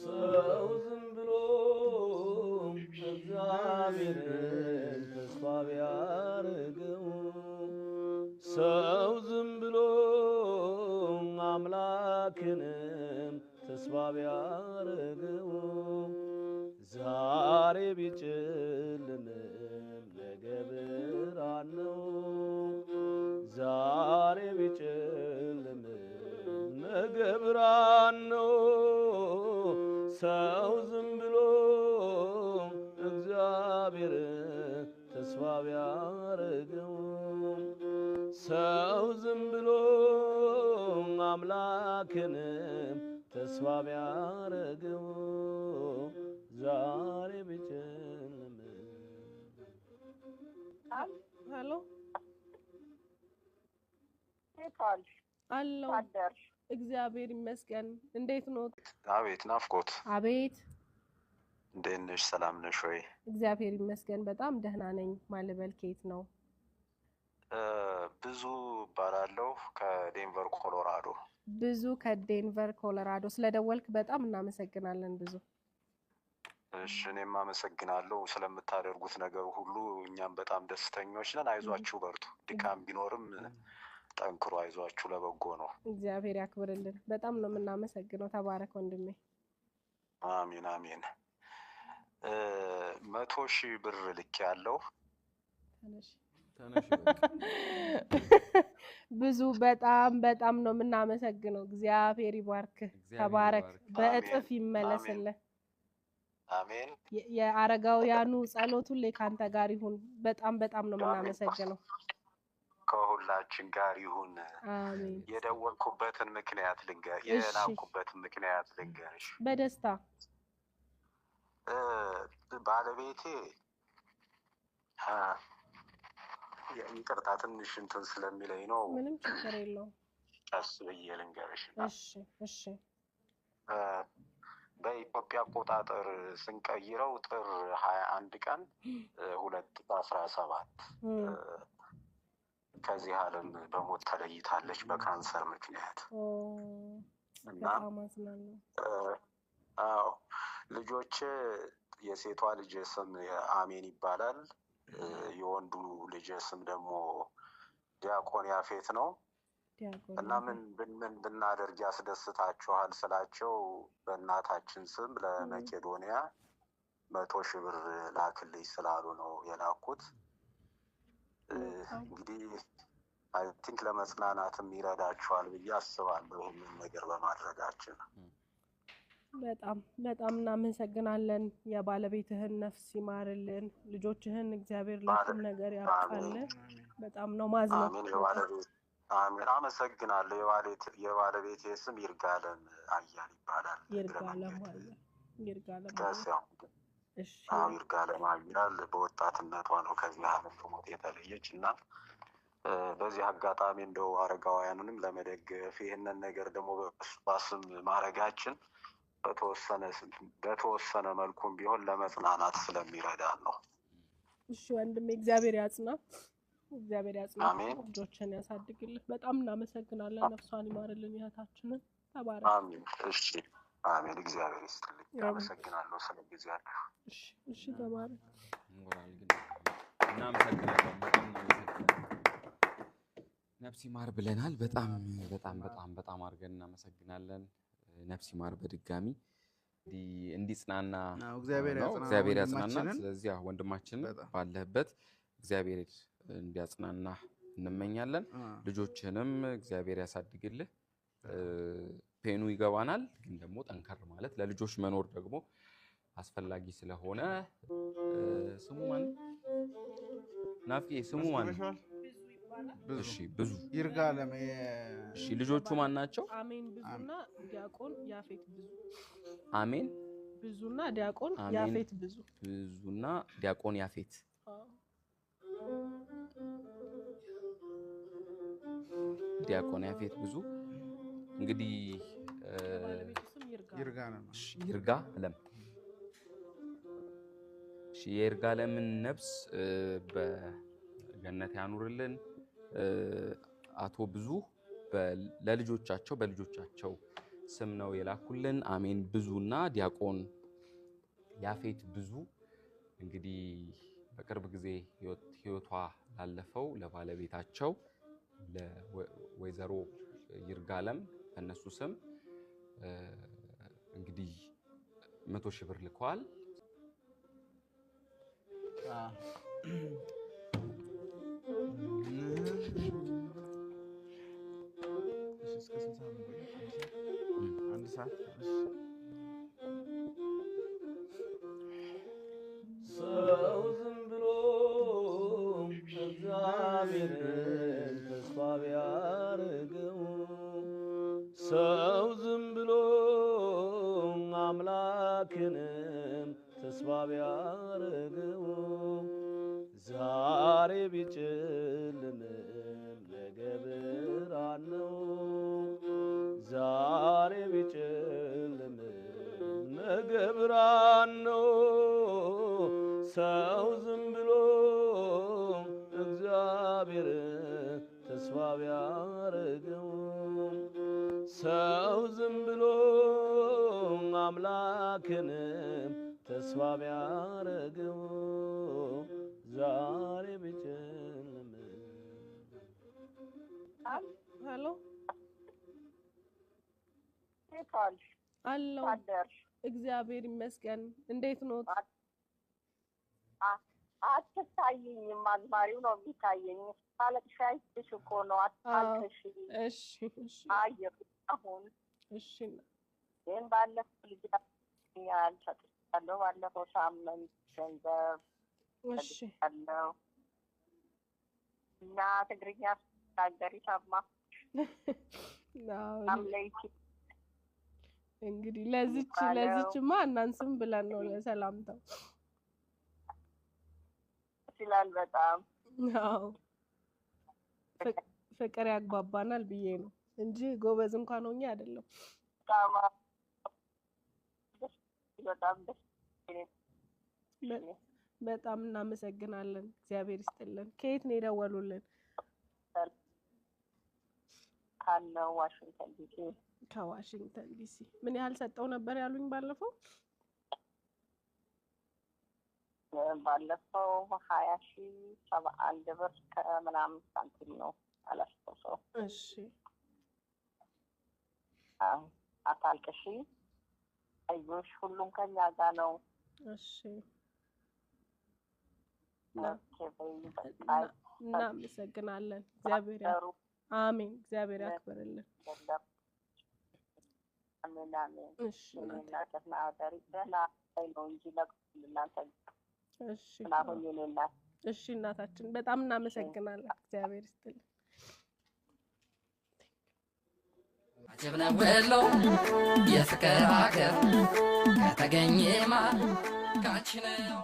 ሰው ዝም ብሎ እግዚአብሔርን ተስፋ ቢያርገው ሰው ዝም ብሎ አምላክንም ተስፋ ቢያርገው ዛሬ ቢጨልምም ነገ ብርሃን ነው። ዛሬ ቢጨልምም ነገብራን ነው ሰው ዝም ብሎ እግዚአብሔር ተስፋ ቢያረገው ሰው ዝም ብሎ አምላክን ተስፋ ቢያረገው ዛሬ ቢጨልም ሄሎ አለው እግዚአብሔር ይመስገን። እንዴት ኖት? አቤት ናፍቆት። አቤት እንዴት ነሽ? ሰላም ነሽ ወይ? እግዚአብሔር ይመስገን በጣም ደህና ነኝ። ማልበል ኬት ነው? ብዙ እባላለሁ ከዴንቨር ኮሎራዶ። ብዙ ከዴንቨር ኮሎራዶ። ስለደወልክ በጣም እናመሰግናለን ብዙ። እሺ እኔም አመሰግናለሁ ስለምታደርጉት ነገር ሁሉ። እኛም በጣም ደስተኞች ነን። አይዟችሁ በርቱ። ድካም ቢኖርም ጠንክሮ አይዟችሁ፣ ለበጎ ነው። እግዚአብሔር ያክብርልን። በጣም ነው የምናመሰግነው። ተባረክ ወንድሜ። አሜን አሜን። መቶ ሺህ ብር ልክ ያለው ብዙ በጣም በጣም ነው የምናመሰግነው። እግዚአብሔር ይባርክ፣ ተባረክ፣ በእጥፍ ይመለስልን። አሜን። የአረጋውያኑ ጸሎት ሁሌ ካንተ ጋር ይሁን። በጣም በጣም ነው የምናመሰግነው። ከሁላችን ጋር ይሁን። የደወልኩበትን ምክንያት ልንገር፣ የላኩበትን ምክንያት ልንገርሽ። በደስታ ባለቤቴ ይቅርታ፣ ትንሽ እንትን ስለሚለኝ ነው። ምንም ችግር የለውም። ቀስ ብዬ ልንገርሽ። እሺ በኢትዮጵያ አቆጣጠር ስንቀይረው ጥር ሀያ አንድ ቀን ሁለት በአስራ ሰባት ከዚህ ዓለም በሞት ተለይታለች በካንሰር ምክንያት እና አዎ ልጆች የሴቷ ልጅ ስም አሜን ይባላል። የወንዱ ልጅ ስም ደግሞ ዲያቆን ያፌት ነው እና ምን ምን ብናደርግ ያስደስታችኋል ስላቸው በእናታችን ስም ለመቄዶንያ መቶ ሺህ ብር ላክልኝ ስላሉ ነው የላኩት። እንግዲህ አይ ቲንክ ለመጽናናትም ይረዳችኋል ብዬ አስባለሁ ይህንን ነገር በማድረጋችን። በጣም በጣም እናመሰግናለን። የባለቤትህን ነፍስ ይማርልን፣ ልጆችህን እግዚአብሔር ለሁሉም ነገር ያብቃልን። በጣም ነው ማዝነው። አመሰግናለሁ። የባለቤት ስም ይርጋለም አያል ይባላል። ይርጋለም አያል ይርጋለም አሚር ጋለም አያል በወጣትነቷ ነው ከዚህ ዓለም በሞት የተለየች እና በዚህ አጋጣሚ እንደው አረጋውያኑንም ለመደገፍ ይህንን ነገር ደግሞ በስም ማድረጋችን በተወሰነ መልኩም ቢሆን ለመጽናናት ስለሚረዳን ነው። እሺ ወንድሜ፣ እግዚአብሔር ያጽና፣ እግዚአብሔር ያጽና፣ ልጆችን ያሳድግልህ። በጣም እናመሰግናለን። ነፍሷን ይማርልን፣ ይህታችንን ተባረ። አሚን። እሺ አሜን። እግዚአብሔር ይስጥልኝ። አመሰግናለሁ ስለ ጊዜያችሁ። ነፍስ ይማር ብለናል። በጣም በጣም በጣም በጣም አድርገን እናመሰግናለን። ነፍስ ይማር በድጋሚ እንዲጽናና እግዚአብሔር ያጽናናል። ስለዚህ ወንድማችን ባለህበት እግዚአብሔር እንዲያጽናና እንመኛለን። ልጆችንም እግዚአብሔር ያሳድግልህ። ፔኑ ይገባናል፣ ግን ደግሞ ጠንከር ማለት ለልጆች መኖር ደግሞ አስፈላጊ ስለሆነ ስሙ ማን ናፍቄ ስሙ ማን? እሺ ብዙ ይርጋ ለመ እሺ ልጆቹ ማን ናቸው? አሜን ብዙና ዲያቆን ያፌት ብዙ። አሜን ብዙና ዲያቆን ያፌት ብዙ። ብዙና ዲያቆን ያፌት ዲያቆን ያፌት ብዙ እንግዲህ ይርጋ አለም የይርጋ አለምን ነፍስ በገነት ያኑርልን። አቶ ብዙ ለልጆቻቸው በልጆቻቸው ስም ነው የላኩልን። አሜን። ብዙና ዲያቆን ያፌት ብዙ እንግዲህ በቅርብ ጊዜ ህይወቷ ላለፈው ለባለቤታቸው ለወይዘሮ ይርጋለም በእነሱ ስም እንግዲህ መቶ ሺህ ብር ልከዋል። አንድ ሰዓት ሰው ዝም ብሎ አምላክንም ተስባቢያ ዝም ብሎ አምላክን ተስፋ ቢያረገው ዛሬ ቢጨልም አሎ አለው እግዚአብሔር ይመስገን። እንዴት ኖት? አትታየኝም። አዝማሪው ነው የሚታየኝ። ታለቅሻ ይሽ እኮ ነው። አታልቅሽ። እሺ፣ እሺ። አየሁ አሁን እሺ ይህም ባለፈው ልጅ ሰጥቻለሁ። ባለፈው ሳምንት ገንዘብ ሰጥቻለሁ እና ትግርኛ ስታገሪ ሰማ አምለይቺ እንግዲህ ለዚች ለዚችማ እናንስም ብለን ነው ለሰላምታው ይችላል። በጣም ፍቅር ያግባባናል ብዬ ነው። እንጂ ጎበዝ እንኳን ሆኜ አይደለም። በጣም እናመሰግናለን። እግዚአብሔር ይስጥልን። ከየት ነው የደወሉልን? ካለው ዋሽንግተን ዲሲ ከዋሽንግተን ዲሲ ምን ያህል ሰጠው ነበር ያሉኝ? ባለፈው ባለፈው ሀያ ሺ ሰባ አንድ ብር ከምናምን ሳንቲም ነው አላስታውሰውም። እሺ አታልቅሺ፣ አይዞሽ፣ ሁሉም ከኛ ጋ ነው። እሺ እናመሰግናለን። እግዚአብሔር አሜን። እግዚአብሔር ያክብርልን። እሺ እናታችን በጣም እናመሰግናለን። እግዚአብሔር ይስጥልን። አጀብነ ወሎ የፍቅር አገር ከተገኘማ ካችነው